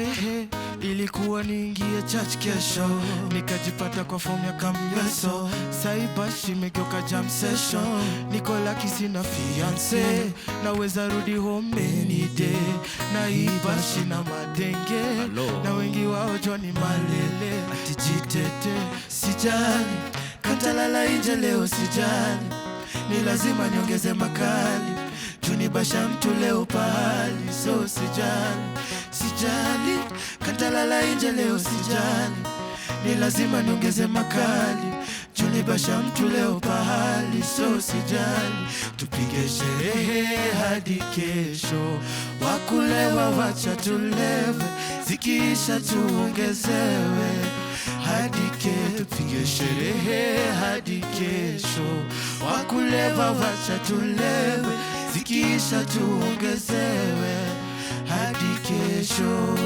nisamehe, ilikuwa niingie church kesho, nikajipata kwa fomu ya kamnyweso, saibashi imegeuka jam session, niko laki sina fiance, naweza rudi home anyday, naibashi na madenge na wengi wao joni malele, atijitete sijani katalala inje leo sijani ni lazima niongeze makali, junibasha mtu leo pahali, so sijani kulala nje leo sijani, ni lazima niongeze makali. Junibasha mtu leo pahali, so sijani tupige sherehe hadi kesho. Wakulewa wacha tuleve, zikiisha tuongezewe hadi kesho. Tupige sherehe hadi kesho. Wakulewa wacha tuleve, zikiisha tuongezewe hadi kesho.